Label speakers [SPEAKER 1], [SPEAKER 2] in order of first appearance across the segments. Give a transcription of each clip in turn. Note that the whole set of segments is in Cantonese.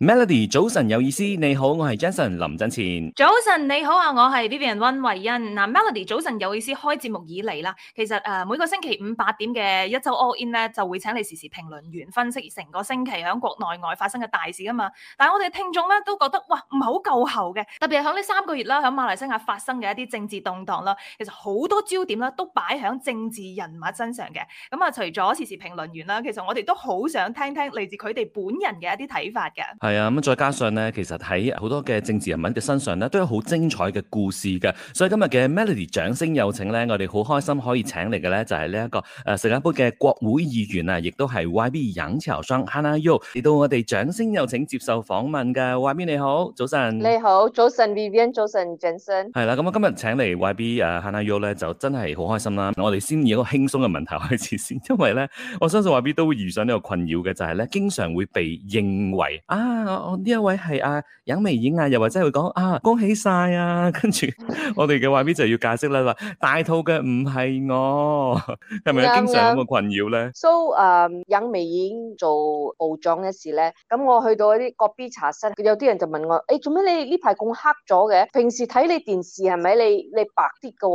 [SPEAKER 1] Melody，早晨有意思，你好，我係 Jason 林振前。
[SPEAKER 2] 早晨你好啊，我係 Vivian 溫慧欣。嗱，Melody，早晨有意思，開節目以嚟啦，其實誒、呃、每個星期五八點嘅一周 all in 咧就會請你時時評論員分析成個星期響國內外發生嘅大事啊嘛。但係我哋聽眾咧都覺得哇唔係好夠喉嘅，特別係響呢三個月啦，響馬來西亞發生嘅一啲政治動盪啦，其實好多焦點啦都擺響政治人物身上嘅。咁、嗯、啊，除咗時時評論員啦，其實我哋都好想聽聽嚟自佢哋本人嘅一啲睇法嘅。
[SPEAKER 1] 係啊，咁再加上咧，其實喺好多嘅政治人物嘅身上咧，都有好精彩嘅故事嘅。所以今日嘅 Melody 掌聲有請咧，我哋好開心可以請嚟嘅咧，就係呢一個誒 Segambut 嘅國會議員啊，亦都係 YB 楊巧雙 Hannah Yeoh 嚟到我哋掌聲有請接受訪問嘅 YB 你好早晨，你
[SPEAKER 3] 好早晨 Vivian 早晨 Johnson
[SPEAKER 1] 係啦，咁、嗯、啊今日請嚟 YB 誒 Hannah Yeoh 咧，Yo, 就真係好開心啦。我哋先以一個輕鬆嘅問題開始先，因為咧，我相信 YB 都會遇上呢個困擾嘅，就係、是、咧，經常會被認為啊。我呢一位係阿楊美盈啊，又或者佢講啊恭喜晒啊，跟住我哋嘅話咪就要解釋啦，話大肚嘅唔係我，係咪有經常咁嘅困擾咧
[SPEAKER 3] ？So 啊，楊美盈做部長嘅事咧，咁我去到一啲國標茶室，有啲人就問我：誒，做咩你呢排咁黑咗嘅？平時睇你電視係咪你你白啲嘅？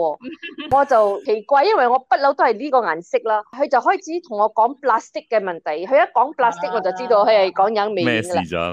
[SPEAKER 3] 我就奇怪，因為我不嬲都係呢個顏色啦。佢就開始同我講 plastic 嘅問題，佢一講 plastic 我就知道佢係講楊美盈啦。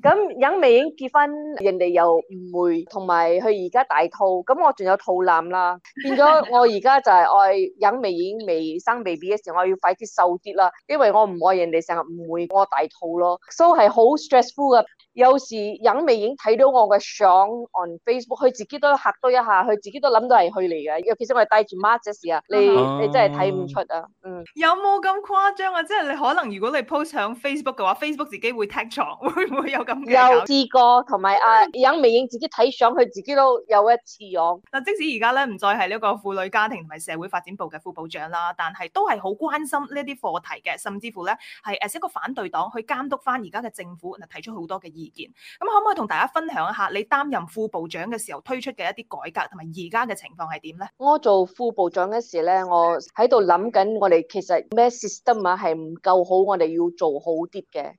[SPEAKER 3] 咁尹已影結婚，人哋又誤會，同埋佢而家大肚，咁我仲有肚腩啦，變咗我而家就係愛尹已影未生 baby 嘅時候，我要快啲瘦啲啦，因為我唔愛人哋成日誤會我大肚咯，So 係好 stressful 㗎。有時尹已影睇到我嘅相 on Facebook，佢自己都嚇多一下，佢自己都諗到係佢嚟嘅。尤其是我戴住 mask 嘅時啊，你你真係睇唔出啊。嗯，嗯嗯
[SPEAKER 2] 有冇咁誇張啊？即係你可能如果你 post 上 Facebook 嘅話，Facebook 自己會 tag 錯，會唔會有？又試
[SPEAKER 3] 過，同埋啊，影微影自己睇相，佢自己都有一次用。
[SPEAKER 2] 嗱，即使而家咧唔再係呢個婦女家庭同埋社會發展部嘅副部長啦，但係都係好關心呢啲課題嘅，甚至乎咧係誒一個反對黨去監督翻而家嘅政府，提出好多嘅意見。咁可唔可以同大家分享一下你擔任副部長嘅時候推出嘅一啲改革同埋而家嘅情況係點咧？
[SPEAKER 3] 我做副部長嘅時咧，我喺度諗緊我哋其實咩 system 啊係唔夠好，我哋要做好啲嘅。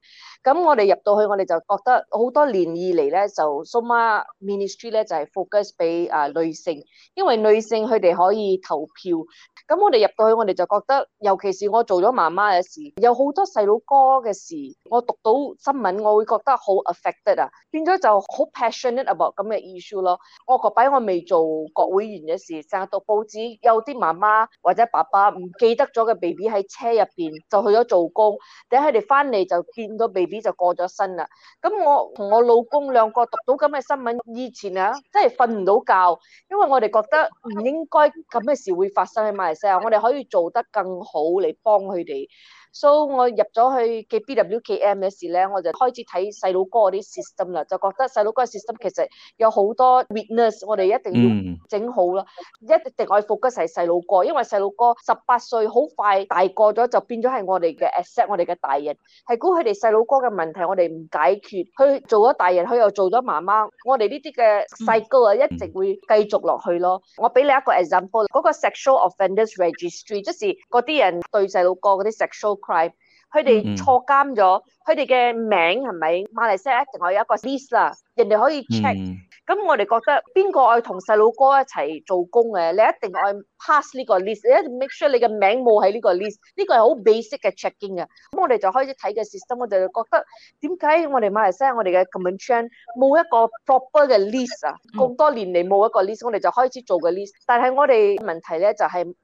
[SPEAKER 3] 咁我哋入到去，我哋就覺得好多年以嚟咧，就 so much ministry 咧就係 focus 俾啊女性，因為女性佢哋可以投票。咁我哋入到去，我哋就覺得，尤其是我做咗媽媽嘅事，有好多細佬哥嘅事，我讀到新聞我會覺得好 affected 啊，變咗就好 passionate about 咁嘅 issue 咯。我個擺我未做國會員嘅時，成日讀報紙，有啲媽媽或者爸爸唔記得咗嘅 baby 喺車入邊，就去咗做工，等佢哋翻嚟就變咗 baby。就過咗身啦，咁我同我老公兩個讀到咁嘅新聞，以前啊，真係瞓唔到覺，因為我哋覺得唔應該咁嘅事會發生喺馬來西亞，我哋可以做得更好嚟幫佢哋。所以我入咗去嘅 BWKM 嘅時咧，我就開始睇細佬哥嗰啲 system 啦，就覺得細佬哥嘅 system 其實有好多 weakness，我哋一定要整好咯，一定我要服嘅係細佬哥，因為細佬哥十八歲好快大個咗就變咗係我哋嘅 asset，我哋嘅大人係估佢哋細佬哥嘅問題，我哋唔解決，佢做咗大人，佢又做咗媽媽，我哋呢啲嘅 cycle 啊，一直會繼續落去咯。我俾你一個 example，嗰個 sexual offenders registry，就是，嗰啲人對細佬哥嗰啲 sexual crime，佢哋錯監咗，佢哋嘅名係咪馬來西亞一定有一個 list 啦，人哋可以 check。咁我哋覺得邊個愛同細佬哥一齊做工嘅，你一定愛 pass 呢個 list，你一定 make sure 你嘅名冇喺呢個 list。呢個係好 basic 嘅 checking 啊。咁我哋就開始睇嘅 system，我就覺得點解我哋馬來西亞我哋嘅 government 冇一個 proper 嘅 list 啊，咁多年嚟冇一個 list，我哋就開始做個 list。但係我哋問題咧就係，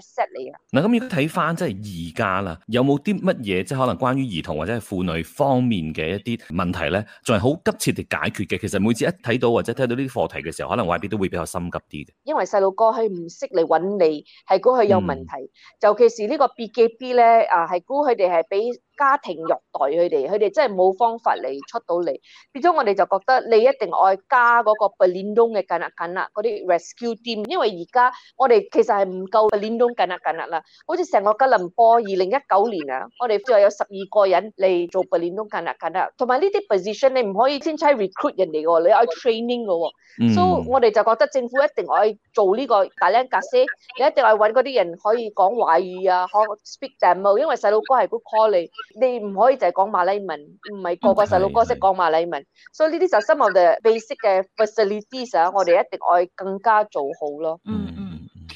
[SPEAKER 3] set
[SPEAKER 1] 嚟啊！嗱，咁要睇翻即係而家啦，有冇啲乜嘢即係可能關於兒童或者係婦女方面嘅一啲問題咧，仲係好急切地解決嘅。其實每次一睇到或者聽到呢啲課題嘅時候，可能外邊都會比較心急啲嘅。
[SPEAKER 3] 因為細路哥去唔識嚟揾你，係估佢有問題，尤、嗯、其 B B 呢是呢個 BGB 咧啊，係估佢哋係俾。家庭虐待佢哋，佢哋真係冇方法嚟出到嚟。變咗我哋就覺得你一定愛加嗰個 Berlin 東嘅緊啊緊啊嗰啲 rescue team，因為而家我哋其實係唔夠 Berlin 東緊啊緊啊啦。好似成個吉隆坡二零一九年啊，我哋仲有十二個人嚟做 Berlin 東緊啊緊啊。同埋呢啲 position 你唔可以先差 recruit 人哋喎，你愛 training 嘅喎，所以我哋就覺得政府一定愛做呢個大嶼格些，你一定愛揾嗰啲人可以講華語啊，可以 speak Tamil，因為細路哥係會 call 你，你唔可以就係講馬來文，唔係個個細路哥識講馬來文，所以呢啲就 some of the basic 嘅 facilities 我哋 okay. 一定我更加做好咯。嗯、mm。Hmm.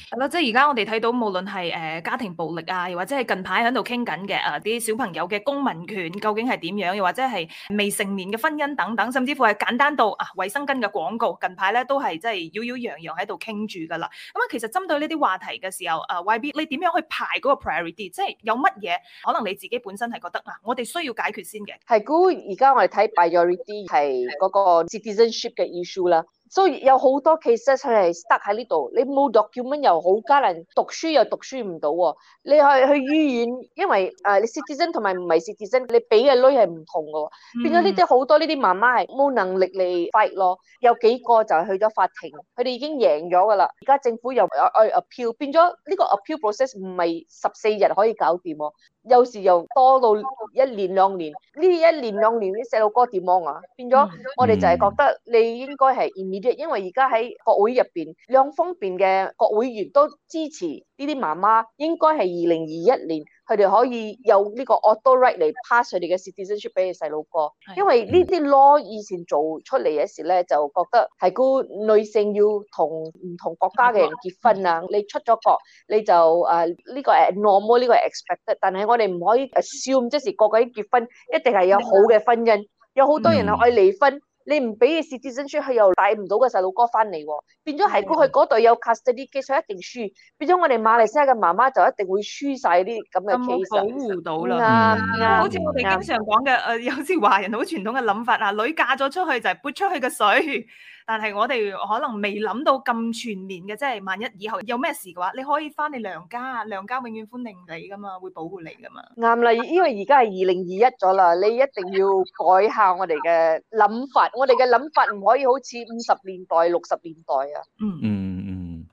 [SPEAKER 2] 係咯，即係而家我哋睇到，無論係誒家庭暴力啊，又或者係近排喺度傾緊嘅啊啲小朋友嘅公民權究竟係點樣，又或者係未成年嘅婚姻等等，甚至乎係簡單到啊衞生巾嘅廣告，近排咧都係真係擾擾攘攘喺度傾住㗎喇。咁啊，其實針對呢啲話題嘅時候，啊 YB，你點樣去排嗰個 priority？即係有乜嘢可能你自己本身係覺得啊，我哋需要解決先嘅。
[SPEAKER 3] 係，估而家我哋睇 priority 係嗰個 citizenship 嘅 issue 啦。所以、so，有好多 case 係塞喺呢度，你冇讀叫乜又好艱難，讀書又讀書唔到喎。你去去醫院，因為誒，uh，你 citizen 同埋唔係 citizen，你俾嘅女係唔同嘅喎。變咗呢啲好多呢啲媽媽係冇能力嚟 fight 咯，有幾個就係去咗法庭，佢哋已經贏咗㗎啦。而家政府又又 appeal，變咗呢個 appeal process 唔係十四日可以搞掂喎。有時又多到一年兩年，呢一年兩年啲細路哥點望點樣呀？變咗我哋就係覺得你應該係而呢啲，因為而家喺國會入邊入面，兩方面嘅國會員都支持呢啲媽媽，應該係二零二一年。佢哋可以有呢個 auto right 嚟 pass 佢哋嘅 citizenship 俾佢細路哥，因為呢啲 law 以前做出嚟嘅時咧，就覺得係個女性要同唔同國家嘅人結婚啊，你出咗國你就誒呢個誒 normal 呢個 expect，但係我哋唔可以 assume 即係國外結婚一定係有好嘅婚姻，有好多人係可以離婚。嗯嗯。你唔俾佢試接生出去，佢又帶唔到個細路哥翻嚟喎，變咗係過去嗰隊有 cast 啲技術，一定輸。變咗我哋馬來西亞嘅媽媽就一定會輸晒啲咁嘅基礎，保護到啦。好似我
[SPEAKER 2] 哋經常講嘅，誒有時華人好傳統嘅諗法啦，女嫁咗出去就係潑出去嘅水。但係我哋可能未諗到咁全面嘅，即係萬一以後有咩事嘅話，你可以翻你娘家啊，娘家永遠歡迎你㗎嘛，會保護你㗎嘛。
[SPEAKER 3] 啱啦，因為而家係二零二一咗啦，你一定要改下我哋嘅諗法，我哋嘅諗法唔可以好似五十年代、六十年代啊。嗯。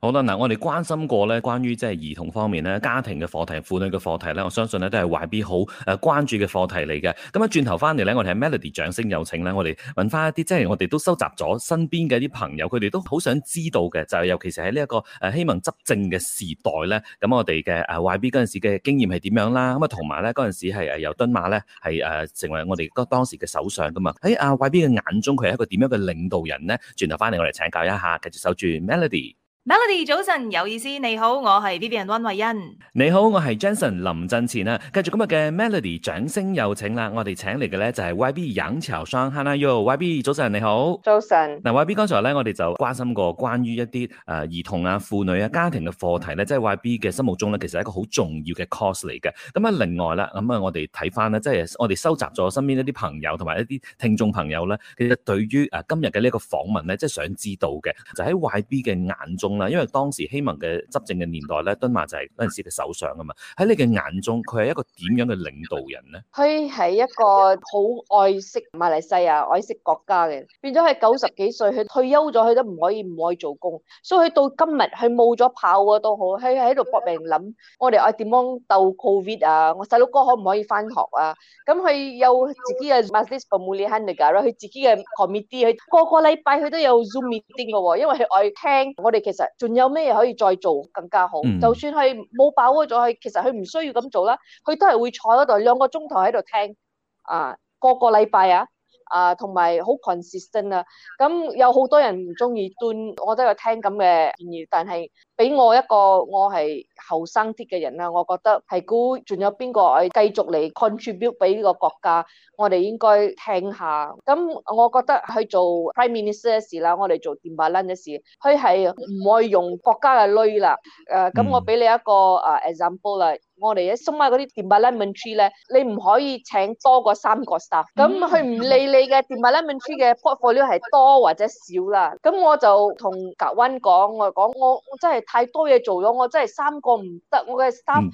[SPEAKER 1] 好啦，嗱，我哋關心過咧，關於即係兒童方面咧，家庭嘅課題、婦女嘅課題咧，我相信咧都係 Y.B. 好誒關注嘅課題嚟嘅。咁啊，轉頭翻嚟咧，我哋係 Melody 掌聲有請咧，我哋問翻一啲，即係我哋都收集咗身邊嘅啲朋友，佢哋都好想知道嘅，就係、是、尤其是喺呢一個誒希望執政嘅時代咧，咁我哋嘅誒 Y.B. 嗰陣時嘅經驗係點樣啦？咁啊，同埋咧嗰陣時係誒由敦馬咧係誒成為我哋嗰當時嘅首相咁啊。喺阿 Y.B. 嘅眼中，佢係一個點樣嘅領導人咧？轉頭翻嚟，我哋請教一下，繼續守住 Melody。
[SPEAKER 2] Melody 早晨，有意思，你好，我係呢 B 人溫慧欣。
[SPEAKER 1] 你好，我係 Johnson 林振前啊。繼續今日嘅 Melody 掌聲有請啦，我哋請嚟嘅咧就係、是、Y B 楊潮雙哈啦 Yo，Y B 早晨你好，
[SPEAKER 3] 早晨。
[SPEAKER 1] 嗱 Y B 剛才咧，我哋就關心過關於一啲誒兒童啊、婦女啊、家庭嘅課題咧，即、就、係、是、Y B 嘅心目中咧，其實一個好重要嘅 c o u s e 嚟嘅。咁啊，另外啦，咁啊，就是、我哋睇翻咧，即係我哋收集咗身邊一啲朋友同埋一啲聽眾朋友咧，其、就、實、是、對於誒今日嘅呢個訪問咧，即、就、係、是、想知道嘅，就喺、是、Y B 嘅眼中。啦，因為當時希盟嘅執政嘅年代咧，敦馬就係嗰陣時嘅首相啊嘛。喺你嘅眼中，佢係一個點樣嘅領導人咧？
[SPEAKER 3] 佢係一個好愛惜馬來西亞、愛惜國家嘅。變咗佢九十幾歲，佢退休咗，佢都唔可以唔愛做工。所以佢到今日，佢冇咗炮啊都好，佢喺度搏命諗。我哋愛點樣鬥 covid 啊？我細佬哥可唔可以翻學啊？咁佢有自己啊，manage 個無理慳㗎啦。佢自己嘅 committee，佢個個禮拜佢都有 zoom meeting 嘅喎，因為佢愛聽我哋其實。仲有咩可以再做更加好？就算佢冇把握咗，其實佢唔需要咁做啦，佢都係會坐喺度兩個鐘頭喺度聽啊，個個禮拜啊啊，同埋好 consistent 啊。咁有好多人唔中意端，我都有聽咁嘅建議，但係。俾我一個我係後生啲嘅人啦，我覺得係估仲有邊個誒，繼續嚟 contribute 俾呢個國家，我哋應該聽下。咁我覺得去做 Prime Minister 嘅事啦，我哋做 timbalan 嘅事，佢係唔可以用國家嘅鐳啦。誒，咁我俾你一個誒 example 啦，我哋 some 嗰啲 timbalan menteri 咧，你唔可以請多過三個 staff。咁佢唔理你嘅 timbalan menteri 嘅 portfolio 係多或者少啦。咁我就同格溫講，我講我我真係。太多嘢做咗，我真係三個唔得，我嘅三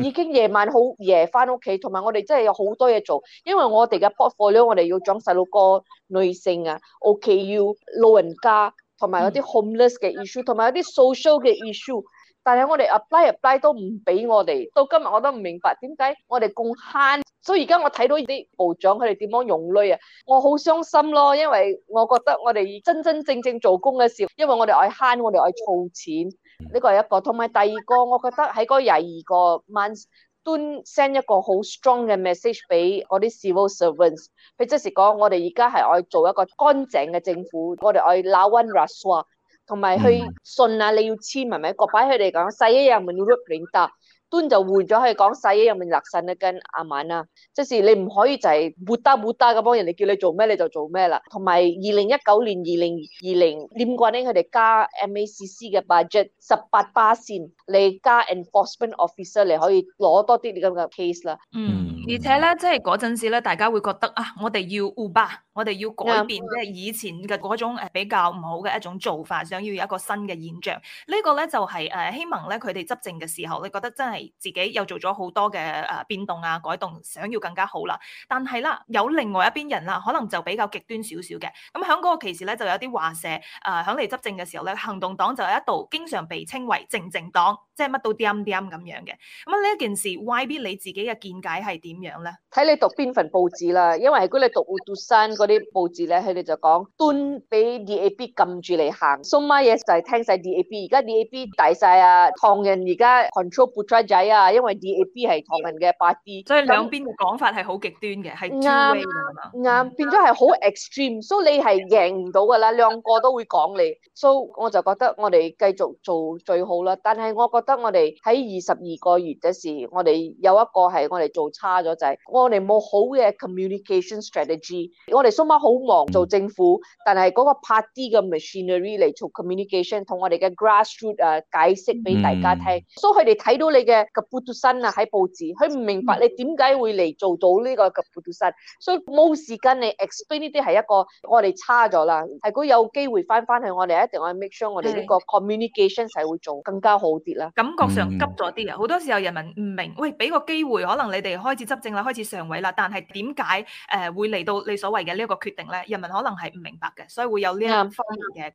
[SPEAKER 3] 已經夜晚好夜翻屋企，同埋我哋真係有好多嘢做，因為我哋嘅 portfolio，我哋要裝十六個女性啊 OKU 要老人家同埋啲 homeless 嘅 issue，同埋啲 social 嘅 issue，但係我哋 apply apply 都唔俾我哋，到今日我都唔明白點解我哋咁慳。所以而家我睇到呢啲部長佢哋點樣用類啊，我好傷心咯，因為我覺得我哋真真正正做工嘅事，因為我哋愛慳，我哋愛儲錢，呢個係一個。同埋第二個，我覺得喺嗰廿二個 month 端 send 一個好 strong 嘅 message 俾我啲 civil servants，佢即時講我哋而家係愛做一個乾淨嘅政府，我哋愛 lawan rasuah，同埋去信啊，你要簽埋咪個牌佢哋講，所以要唔要錄屏㗎？般就換咗可以講細嘢入面立信啦，跟阿敏啦，即係你唔可以就係活呆活呆咁幫人哋叫你做咩你就做咩啦。同埋二零一九年二零二零念掛咧，佢哋加 MACC 嘅 budget 十八巴線，你加 enforcement officer 你可以攞多啲咁嘅 case 啦。嗯。
[SPEAKER 2] 而且咧，即係嗰陣時咧，大家會覺得啊，我哋要 Ubah，我哋要改變即係以前嘅嗰種比較唔好嘅一種做法，想要有一個新嘅現象。這個、呢個咧就係、是、誒希望咧佢哋執政嘅時候，你覺得真係自己又做咗好多嘅誒變動啊、改動，想要更加好啦。但係啦，有另外一邊人啦，可能就比較極端少少嘅。咁喺嗰個期時咧，就有啲華社誒響嚟執政嘅時候咧，行動黨就有一度經常被稱為靜靜黨，即係乜都啱啱咁樣嘅，咁啊呢一件事，YB 你自己嘅見解係點樣咧？
[SPEAKER 3] 睇你讀邊份報紙啦，因為如果你讀 Utusan 嗰啲報紙咧，佢哋就講端俾 DAP 撳住嚟行，so many 嘢就係聽曬 DAP。而家 DAP 大曬啊，唐人而家 controlPutrajaya 啊，因為 DAP 係唐人嘅八 D，所以兩
[SPEAKER 2] 邊嘅講法係好極端嘅，係 two way 㗎嘛，
[SPEAKER 3] 啱，變咗係好 extreme，所以你係贏唔到㗎啦，兩個都會講你，所以我就覺得我哋繼續做最好啦。但係我覺我覺得我哋喺二十二個月嘅時，我哋有一個係我哋做差咗，就係、是、我哋冇好嘅 communication strategy。我哋蘇媽好忙做政府，但係嗰個 party 嘅 machinery 嚟做 communication，同我哋嘅 grassroot 啊解釋俾大家聽。所以佢哋睇到你嘅嘅 boot 身啊喺報紙，佢唔明白你點解會嚟做到呢個嘅 boot 身，所以冇時間你 explain 呢啲係一個我哋差咗啦。係果有機會翻返去我，我哋一定可以 make sure 我哋呢個 communication 係會做更加好
[SPEAKER 2] 啲啦。感覺上急咗啲啊！好多時候人民唔明，喂，俾個機會，可能你哋開始執政啦，開始上位啦，但係點解誒會嚟到你所謂嘅呢一個決定咧？人民可能係唔明白嘅，所以會有呢一方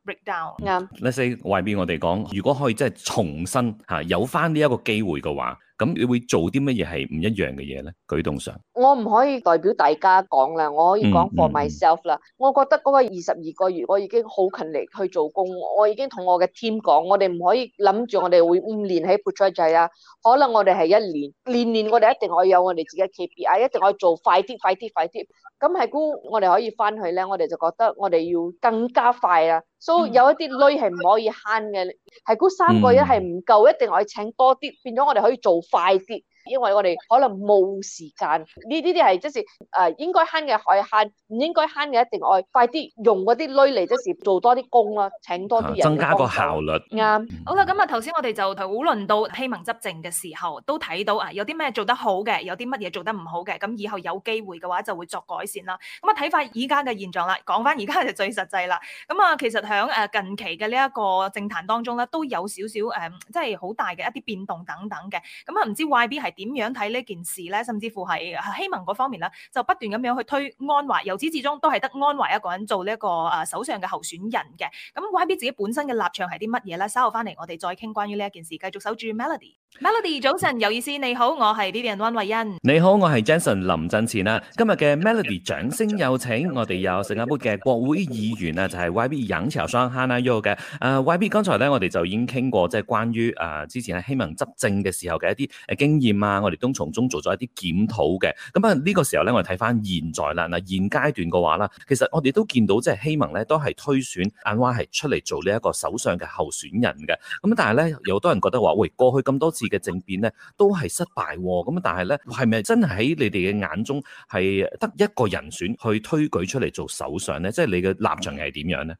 [SPEAKER 2] break down、嗯嗯、say, 面嘅 breakdown。啱
[SPEAKER 1] Leslie，外邊我哋講，如果可以真係重新嚇有翻呢一個機會嘅話。咁你會做啲乜嘢係唔一樣嘅嘢咧？舉動上，
[SPEAKER 3] 我唔可以代表大家講啦，我可以講 for myself 啦。Mm hmm. 我覺得嗰個二十二個月，我已經好勤力去做工，我已經同我嘅 team 講，我哋唔可以諗住我哋會五年喺 project 啊。可能我哋係一年，年年我哋一定可以有我哋自己嘅 KPI，一定可以做快啲、快啲、快啲。咁係估我哋可以返去咧，我哋就覺得我哋要更加快啊！所以 So,、mm hmm. 有一啲累係唔可以慳嘅，係估、mm hmm. 三個人係唔夠，一定可以請多啲，變咗我哋可以做快啲。因為我哋可能冇時間，呢呢啲係即係誒應該慳嘅愛慳，唔應該慳嘅一定愛快啲用嗰啲鐳嚟即係做多啲工啦，請多啲人增加個效率。啱 Yeah.、嗯，
[SPEAKER 2] 好啦，咁啊頭先我哋就討論到希盟執政嘅時候都睇到啊，有啲咩做得好嘅，有啲乜嘢做得唔好嘅，咁以後有機會嘅話就會作改善啦。咁啊睇翻而家嘅現狀啦，講翻而家就最實際啦。咁啊其實響誒近期嘅呢一個政壇當中咧，都有少少誒，即係好大嘅一啲變動等等嘅。咁啊唔知 YB 係？點樣睇呢件事咧？甚至乎係希盟嗰方面咧，就不斷咁樣去推安華，由始至終都係得安華一個人做呢、這、一個誒首相嘅候選人嘅。咁、嗯、YB 自己本身嘅立場係啲乜嘢咧？稍後翻嚟我哋再傾關於呢一件事，繼續守住 Melody。Melody 早晨，有意思，你好，我係呢邊溫慧欣。
[SPEAKER 1] 你好，我係 Jason 林振前啊。今日嘅 Melody 掌聲有請，我哋有 Segambut 嘅國會議員啊，就係 YB 楊巧雙 Hannah Yeoh 嘅。誒、呃、YB 剛才咧，我哋就已經傾過，即係關於誒、呃、之前喺希盟執政嘅時候嘅一啲誒經驗啊，我哋都從中做咗一啲檢討嘅。咁啊呢個時候咧，我哋睇翻現在啦，嗱、呃、現階段嘅話啦，其實我哋都見到即係希盟咧都係推選 Anwar 係出嚟做呢一個首相嘅候選人嘅。咁、嗯、但係咧有好多人覺得話，喂，喂過去咁多嘅政變咧都係失敗喎，咁啊但係咧係咪真係喺你哋嘅眼中係得一個人選去推舉出嚟做首相咧？即係你嘅立場係點樣咧？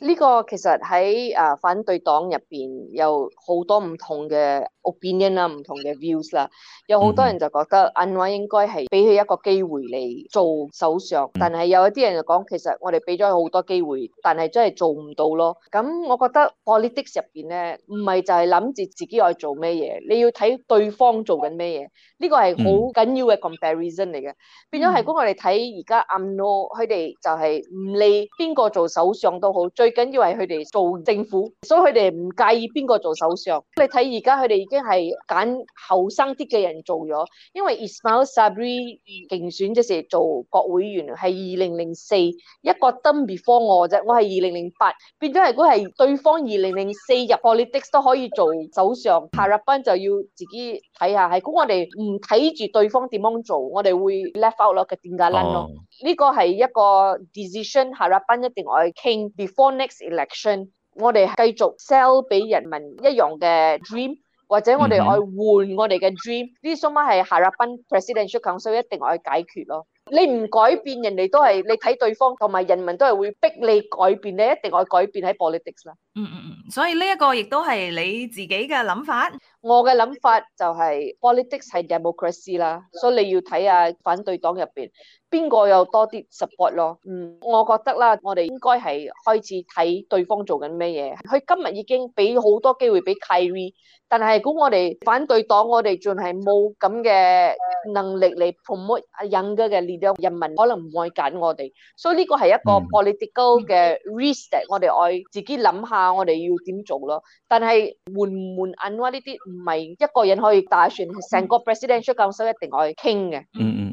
[SPEAKER 3] 呢個其實喺啊反對黨入邊有好多唔同嘅 opinion 啦、唔同嘅 views 啦，有好多人就覺得安華應該係俾佢一個機會嚟做首相，但係有一啲人就講其實我哋俾咗好多機會，但係真係做唔到咯。咁我覺得 political 入邊咧唔係就係諗住自己愛做咩嘢。你要睇對方做緊咩嘢，呢個係好緊要嘅 comparison 嚟嘅。變咗係講我哋睇而家 UMNO，佢哋就係唔理邊個做首相都好，最緊要係佢哋做政府，所以佢哋唔介意邊個做首相。你睇而家佢哋已經係揀後生啲嘅人做咗，因為 Ismail Sabri 競選即係做國會員係二零零四，一個燈 before 我啫，我係二零零八。變咗係如果係對方二零零四入 politics 都可以做首相，塔利班就。就要自己睇下，係咁我哋唔睇住對方點樣做，我哋會 left out 咯嘅，點解呢？咯呢個係一個 decision。Harapan 一定愛去傾，before next election，我哋繼續 sell 俾人民一樣嘅 dream，或者我哋愛換我哋嘅 dream。呢啲什麼係 Harapanpresidential council 一定愛去解決咯。你唔改變，人哋都係你睇對方，同埋人民都係會逼你改變，你一定會改變喺 politics 啦。嗯嗯
[SPEAKER 2] 嗯，所以呢一個亦都係你自己嘅諗法。
[SPEAKER 3] 我嘅諗法就係 politics 係 democracy 啦，所以你要睇下反對黨入邊邊個有多啲 support 咯。嗯，我覺得啦，我哋應該係開始睇對方做緊咩嘢。佢今日已經俾好多機會俾 Kerry，但係如果我哋反對黨，我哋仲係冇咁嘅能力嚟 promote 阿印嘅嘅。人民可能唔愛揀我哋，所以呢個係一個 political 嘅 reset。我哋愛自己諗下，我哋要點做咯。但係換唔換銀花呢啲，唔係一個人可以打算，成個 presidentialcouncil 一定愛傾嘅。嗯
[SPEAKER 1] 嗯。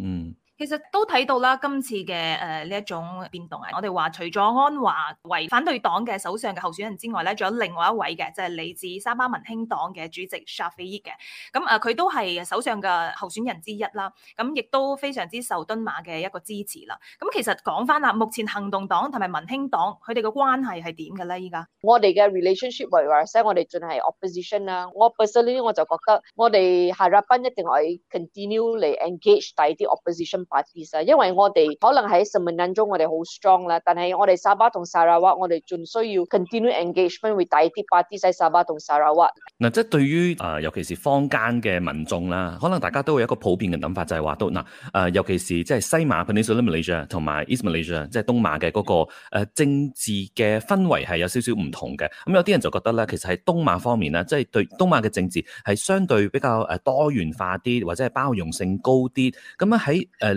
[SPEAKER 2] 其實都睇到啦，今次嘅誒呢一種變動啊！我哋話除咗安華為反對黨嘅首相嘅候選人之外咧，仲有另外一位嘅，就係、是、嚟自沙巴民興黨嘅主席 Shafie 嘅。咁、嗯、啊，佢、呃、都係首相嘅候選人之一啦。咁、嗯、亦都非常之受敦馬嘅一個支持啦。咁、嗯、其實講翻啦，目前行動黨同埋民興黨佢哋嘅關係係點嘅咧？依家
[SPEAKER 3] 我哋嘅 relationship 為話，即係我哋仲係 opposition 啦。我 personally 我就覺得我哋下一步一定要 continue 嚟 engage 第啲 opposition party 因為我哋可能喺人民眼中我哋好 strong 啦，但係我哋沙巴同砂拉哇，我哋仲需要 continue engagement with 大啲 party 喺沙巴同砂拉哇。
[SPEAKER 1] 嗱、呃，即係對於啊、呃，尤其是坊間嘅民眾啦，可能大家都會有一個普遍嘅諗法，就係話都嗱，誒、呃，尤其是即係西馬 Peninsula Malaysia 同埋 East Malaysia，即係東馬嘅嗰、那個、呃、政治嘅氛圍係有少少唔同嘅。咁、呃、有啲人就覺得咧，其實喺東馬方面咧，即係對東馬嘅政治係相對比較誒多元化啲，或者係包容性高啲。咁啊喺誒。呃呃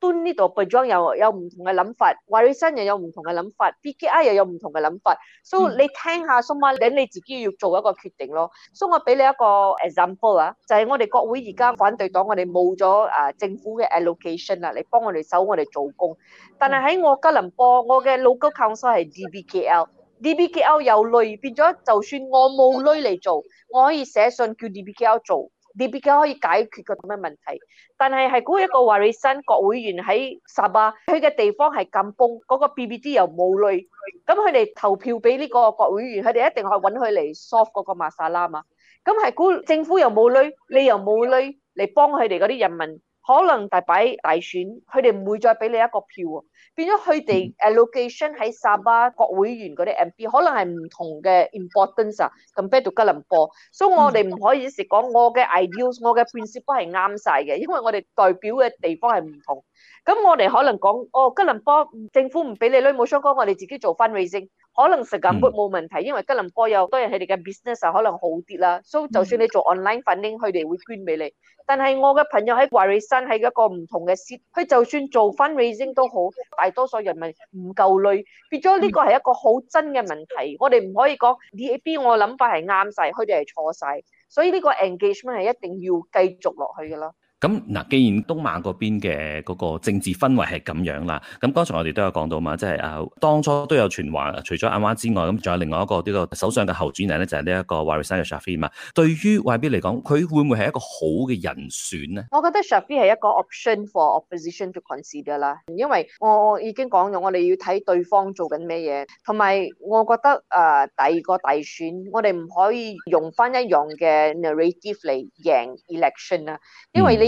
[SPEAKER 3] 端呢度 budget 又有唔同嘅諗法，reason 又有唔同嘅諗法，BKI 又有唔同嘅諗法，so 你聽下 so 咩，等你自己要做一個決定咯。so 我俾你一個 example 啊，就係我哋國會而家反對黨，我哋冇咗啊政府嘅 allocation 啦，嚟幫我哋收我哋做工。但係喺我吉隆坡，我嘅 local council 係 DBKL，DBKL 有累變咗，就算我冇累嚟做，我可以寫信叫 DBKL 做。B B D 可以解決個咁嘅問題，但係係估一個瓦里森國會議員喺沙巴，去嘅地方係咁崩，嗰、那個 B B D 又冇鐳，咁佢哋投票俾呢個國會議員，佢哋一定係揾佢嚟 soft 嗰個馬薩拉嘛，咁係估政府又冇鐳，你又冇鐳嚟幫佢哋嗰啲人民。可能大擺大選，佢哋唔會再俾你一個票喎，變咗佢哋 allocation 喺沙巴國會議員嗰啲 MP 可能係唔同嘅 importance 啊，咁比到吉隆坡，所以我哋唔可以食講我嘅 ideas，我嘅 principle 係啱晒嘅，因為我哋代表嘅地方係唔同，咁我哋可能講哦吉隆坡政府唔俾你攞冇相干，我哋自己做翻 fundraising。可能食緊 food 冇問題，因為吉隆坡有多人佢哋嘅 business 啊，可能好啲啦。所以就算你做 online funding，佢哋會捐俾你。但係我嘅朋友喺華瑞山喺一個唔同嘅市，佢就算做 fund raising 都好，大多數人民唔夠累。變咗呢個係一個好真嘅問題，我哋唔可以講 DAP，我嘅諗法係啱晒，佢哋係錯晒。所以呢個 engagement 係一定要繼續落去㗎啦。
[SPEAKER 1] 咁嗱，既然東馬嗰邊嘅嗰個政治氛圍係咁樣啦，咁剛才我哋都有講到嘛，即係啊，當初都有傳話，除咗阿馬之外，咁仲有另外一個呢個首相嘅候選人咧，就係呢一個瓦瑞山嘅 Sharfi 嘛。對於瓦比嚟講，佢會唔會係一個好嘅人選呢？
[SPEAKER 3] 我覺得 Sharfi 係一個 option for opposition to consider 啦，因為我已經講咗，我哋要睇對方做緊咩嘢，同埋我覺得啊、呃，第二個大選，我哋唔可以用返一樣嘅 narrative 嚟贏 election 啊，因為你，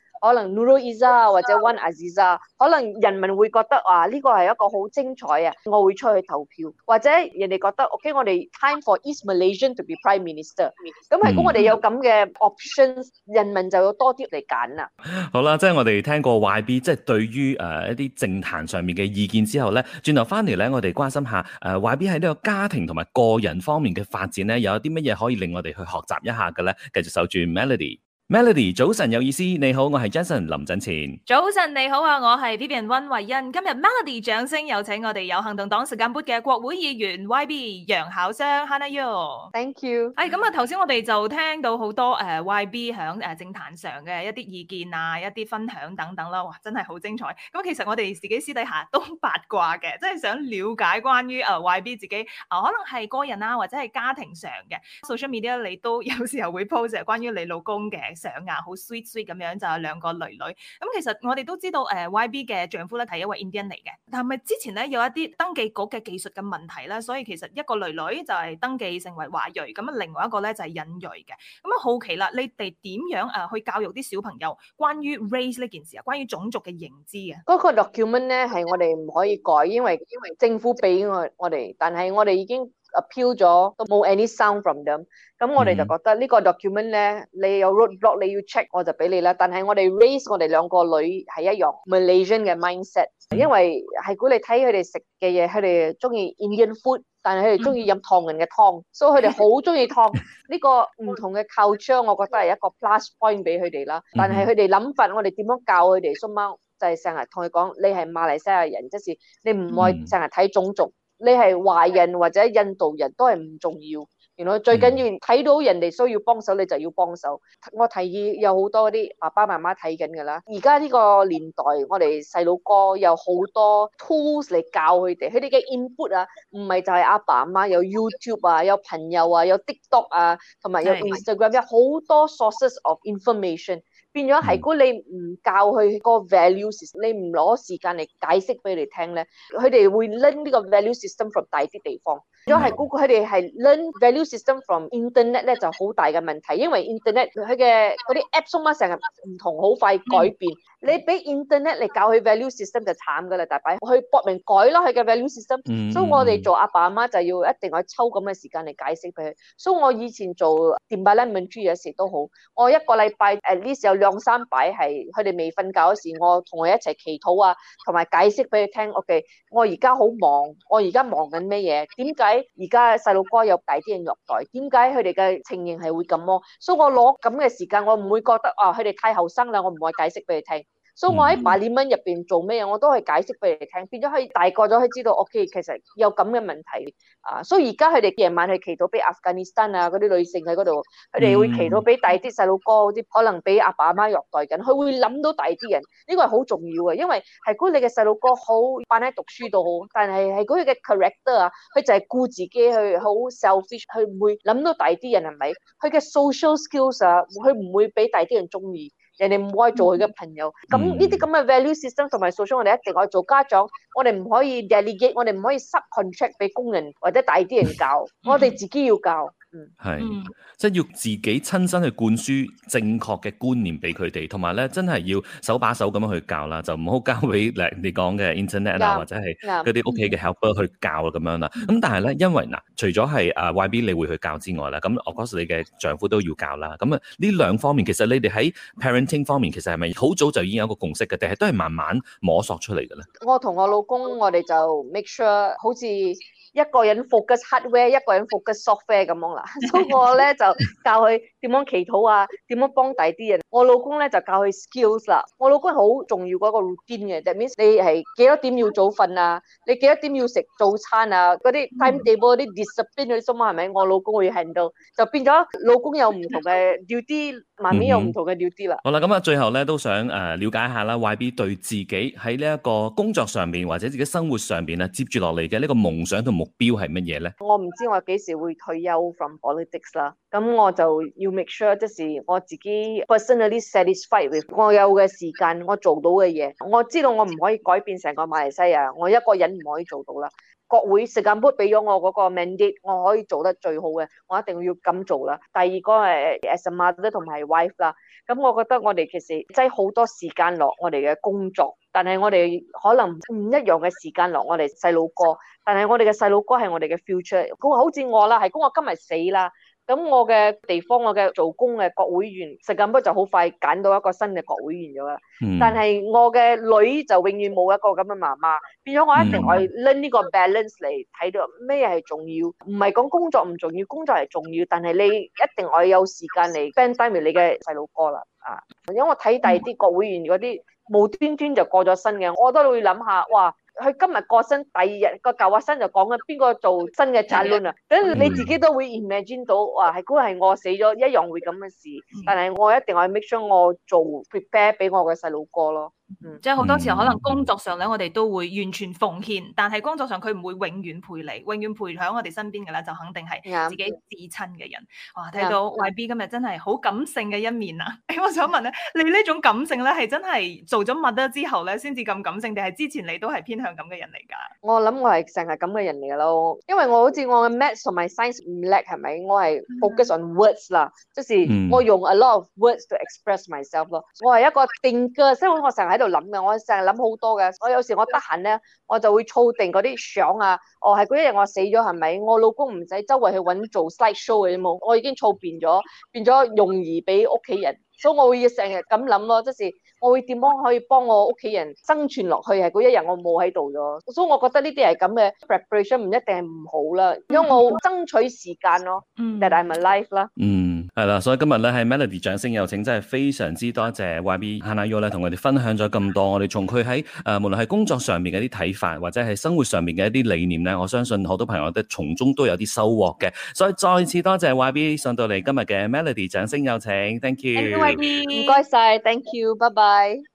[SPEAKER 3] 可能 Nurul Izzah 或者 Wan Azizah，可能人民會覺得，哇，呢個係一個好精彩啊！我會出去投票，或者人哋覺得 OK，我哋 Time for East Malaysian to be Prime Minister，咁係講我哋有咁嘅 options，人民就要多啲嚟揀啦。
[SPEAKER 1] 好啦，即係我哋聽過 Y B，即係對於誒一啲政壇上面嘅意見之後咧，轉頭翻嚟咧，我哋關心下誒、啊、Y B 喺呢個家庭同埋個人方面嘅發展咧，有啲乜嘢可以令我哋去學習一下嘅咧？繼續守住 Melody。Melody，早晨有意思，你好，我係 Jason 林振前。
[SPEAKER 2] 早晨你好啊，我係 Vivian 溫慧欣。今日 Melody 掌聲有請我哋有行動黨時間杯嘅國會議員 Y B 楊巧雙 Hannah Yeoh，thank you、哎。誒咁啊，頭先我哋就聽到好多誒、uh, Y B 響誒、uh, 政壇上嘅一啲意見啊，一啲分享等等啦、啊，哇，真係好精彩。咁、嗯、其實我哋自己私底下都八卦嘅，即係想了解關於誒、uh, Y B 自己啊、呃，可能係個人啊，或者係家庭上嘅 social media，你都有時候會 post 關於你老公嘅。上啊，好 sweet sweet 咁樣就有兩個女女。咁其實我哋都知道，誒 YB 嘅丈夫咧係一位 Indian 嚟嘅。但係咪之前咧有一啲登記局嘅技術嘅問題咧，所以其實一個女女就係登記成為華裔，咁啊另外一個咧就係印裔嘅。咁啊好奇啦，你哋點樣誒去教育啲小朋友關於 race 呢件事啊？關於種族嘅認知
[SPEAKER 3] 嘅。嗰個 document 咧係我哋唔可以改，因為因為政府俾我我哋，但係我哋已經。啊，appeal 咗都冇 any sound from them，咁我哋就覺得呢個 document 咧，你有 roadblock，你要 check 我就俾你啦。但係我哋 raise 我哋兩個女係一樣 Malaysian 嘅 mindset，因為係你睇佢哋食嘅嘢，佢哋中意 Indian food，但係佢哋中意飲唐人嘅湯，所以佢哋好中意湯。呢個唔同嘅 culture，我覺得係一個 plus point 俾佢哋啦。但係佢哋諗法，我哋點樣教佢哋？所以咧就係成日同佢講，你係馬來西亞人，即是你唔會成日睇種族，你係華人或者印度人都係唔重要，原來、嗯、最緊要睇到人哋需要幫手，你就要幫手。我提議有好多啲爸爸媽媽睇緊㗎啦。而家呢個年代，我哋細路哥有好多 tools 嚟教佢哋，佢哋嘅 input 啊，唔係就係阿爸阿媽，有 YouTube 啊，有朋友啊，有 TikTok 啊，同埋有 Instagram、啊、有好多 sources of information。變咗係估你唔教佢個 value system，你唔攞時間嚟解釋俾佢聽咧，佢哋會 learn 呢個 value system from 第二啲地方。如果係估，佢哋係 learn value system from internet 咧，就好大嘅問題，因為 internet 佢嘅嗰啲 apps 咁啊，成日唔同，好快改變。你俾 internet 嚟教佢 value system 就慘㗎啦，大把去搏命改咯佢嘅 value system。所以我哋做阿爸阿媽就要一定去抽咁嘅時間嚟解釋俾佢。所以我以前做點解 learning 珠嘢時都好，我一個禮拜 at least 有。兩三擺係佢哋未瞓覺嗰時，我同佢一齊祈禱啊，同埋解釋俾佢聽。OK，我而家好忙，我而家忙緊咩嘢？點解而家細路哥有第啲人虐待？點解佢哋嘅情形係會咁咯？所以我攞咁嘅時間，我唔會覺得啊，佢哋太後生啦，我唔會解釋俾佢聽。所以我喺 Parliament 入面做咩啊？我都係解釋俾你哋聽，變咗可以大個咗，可以知道 OK，其實有咁嘅問題啊！所以而家佢哋夜晚係祈禱俾 Afghanistan 啊嗰啲女性喺嗰度，佢哋會祈禱俾第啲細路哥嗰啲，可能俾阿爸阿媽虐待緊，佢會諗到第啲人，呢個係好重要嘅！因為係嗰你嘅細路哥好，扮喺讀書度好，但係係佢嘅 character 啊，佢就係顧自己去好 selfish，佢唔會諗到第啲人係咪？佢嘅 social skills 啊，佢唔會俾第啲人中意。人哋唔可以做佢嘅朋友，咁呢啲咁嘅 value system 同埋 social，我哋一定要做家長，我哋唔可以 delegate，我哋唔可以 subcontract 俾工人或者大啲人教，我哋自己要教。
[SPEAKER 1] 係，即係要自己親身去灌輸正確嘅觀念俾佢哋，同埋咧，真係要手把手咁樣去教啦，就唔好交俾咧你講嘅 Internet 啊，或者係嗰啲屋企嘅 helper 去教咁樣啦。咁、嗯、但係咧，因為嗱，除咗係啊 YB 你會去教之外咧，咁 of course 你嘅丈夫都要教啦。咁啊，呢兩方面其實你哋喺 parenting 方面，其實係咪好早就已經有一個共識嘅，定係都係慢慢摸索出嚟嘅咧？
[SPEAKER 3] 我同我老公，我哋就 make sure 好似。一個人 focus hardware，一個人 focus software 咁樣啦。所以我咧就教佢點樣祈禱啊，點樣幫第啲人。我老公咧就教佢 skills 啦。我老公好重要嗰個 routine 嘅 that means 你係幾多點要早瞓啊？你幾多點要食早餐啊？嗰啲 time table、嗰啲 discipline 嗰啲嘢，係咪？我老公會 handle 就變咗老公有唔同嘅 duty，媽咪有唔同嘅 duty 啦。
[SPEAKER 1] 好啦，咁啊最後咧都想誒了解下啦，YB 對自己喺呢一個工作上邊或者自己生活上邊啊，接住落嚟嘅呢個夢想同目標係乜嘢咧？
[SPEAKER 3] 我唔知我幾時會退休 from politics 啦，咁我就要 make sure 即係我自己嗰啲 satisfied 我有嘅時間，我做到嘅嘢，我知道我唔可以改變成個馬來西亞，我一個人唔可以做到啦。國會時間俾咗我嗰個 mandate，我可以做得最好嘅，我一定要要咁做啦。第二個誒，as a mother 同埋 wife 啦，咁我覺得我哋其實擠好多時間落我哋嘅工作，但係我哋可能唔一樣嘅時間落我哋細路哥，但係我哋嘅細路哥係我哋嘅 future。咁好似我啦，係咁我今日死啦。咁我嘅地方，我嘅做工嘅國會員 Segambut 就好快揀到一個新嘅國會員咗啦。嗯、但係我嘅女就永遠冇一個咁嘅媽媽，變咗我一定可以拎呢個 balance 嚟睇到咩係重要。唔係講工作唔重要，工作係重要，但係你一定可以有時間嚟 balance 你嘅細路哥啦。啊，因為我睇第二啲國會員嗰啲無端端就過咗身嘅，我都會諗下哇。佢今日過身，第二日個舊阿新就講緊邊個做新嘅責任啊！等、嗯、你自己都會 imagine 到，哇，係估係我死咗一樣會咁嘅事，但係我一定我 make sure 我做 prepare 俾我嘅細路哥咯。嗯、
[SPEAKER 2] 即係好多時候可能工作上咧，我哋都會完全奉獻，但係工作上佢唔會永遠陪你，永遠陪喺我哋身邊嘅啦，就肯定係自己至親嘅人。哇，睇到 Y B 今日真係好感性嘅一面啊！哎、我想問咧，你呢種感性咧係真係做咗乜得之後咧先至咁感性，定係之前你都係偏向咁嘅人嚟？噶？我
[SPEAKER 3] 諗我係成日咁嘅人嚟咯，因為我好似我嘅 math c 同埋 science 唔叻，係咪？我係 focus on words 啦，即、就是我用 a lot of words to express myself 咯。我係一個定 h 即係我成日就諗噶，我成日諗好多嘅。所以有我有時我得閒咧，我就會儲定嗰啲相啊。哦，係嗰一日我死咗，係咪？我老公唔使周圍去搵做 slide show 嘅，冇。我已經儲變咗，變咗容易俾屋企人。所以我會成日咁諗咯，即係我會點樣可以幫我屋企人生存落去？係嗰一日我冇喺度咗。所以我覺得呢啲係咁嘅 preparation，唔一定係唔好啦。因為我爭取時間咯、mm.，that I'm alive 啦。
[SPEAKER 1] 係啦、嗯，所以今日呢，係 Melody 掌聲有請，真係非常之多謝 YB Hannah Yeoh、oh、咧，同我哋分享咗咁多，我哋從佢喺誒，無論係工作上面嘅一啲睇法，或者係生活上面嘅一啲理念呢，我相信好多朋友都從中都有啲收穫嘅。所以再次多謝 YB 上到嚟今日嘅 Melody 掌聲有請，Thank you，唔
[SPEAKER 3] 該晒，Thank you，Bye bye。